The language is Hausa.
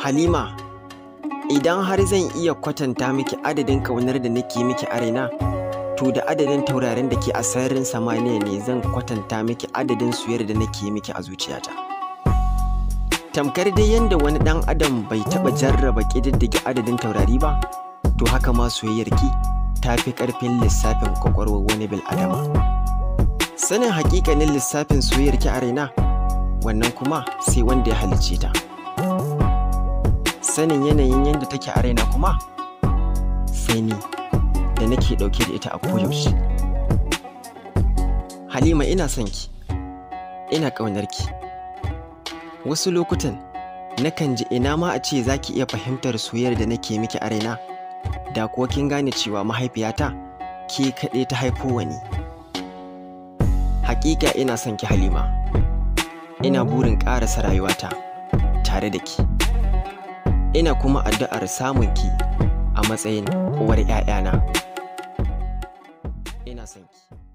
Halima, idan har zan iya kwatanta miki adadin ƙaunar da nake miki a raina, to da adadin taurarin da ke a sararin samaniya ne zan kwatanta miki adadin suyar da nake miki a zuciyata. Tamkar dai yadda wani ɗan adam bai taɓa jarraba ƙididdige adadin taurari ba, to haka ma soyayyarki ta fi ƙarfin lissafin ƙwaƙwarwar wani bil'adama. Sanin haƙiƙanin lissafin soyayyar ki a raina, wannan kuma sai wanda ya halicce ta. sanin yanayin yadda take a raina kuma sai ni da nake dauke da ita a koyaushe halima ina son ki ina ƙaunar ki wasu lokutan nakan ji ina ma a ce za ki iya fahimtar soyayyar da nake miki a raina da kuwa kin gane cewa mahaifiyata ke kaɗai ta haifo wani hakika ina son ki halima ina burin ƙarasa rayuwata tare da ki ina kuma addu'ar samun ki a matsayin uwar 'ya'yana ina son ki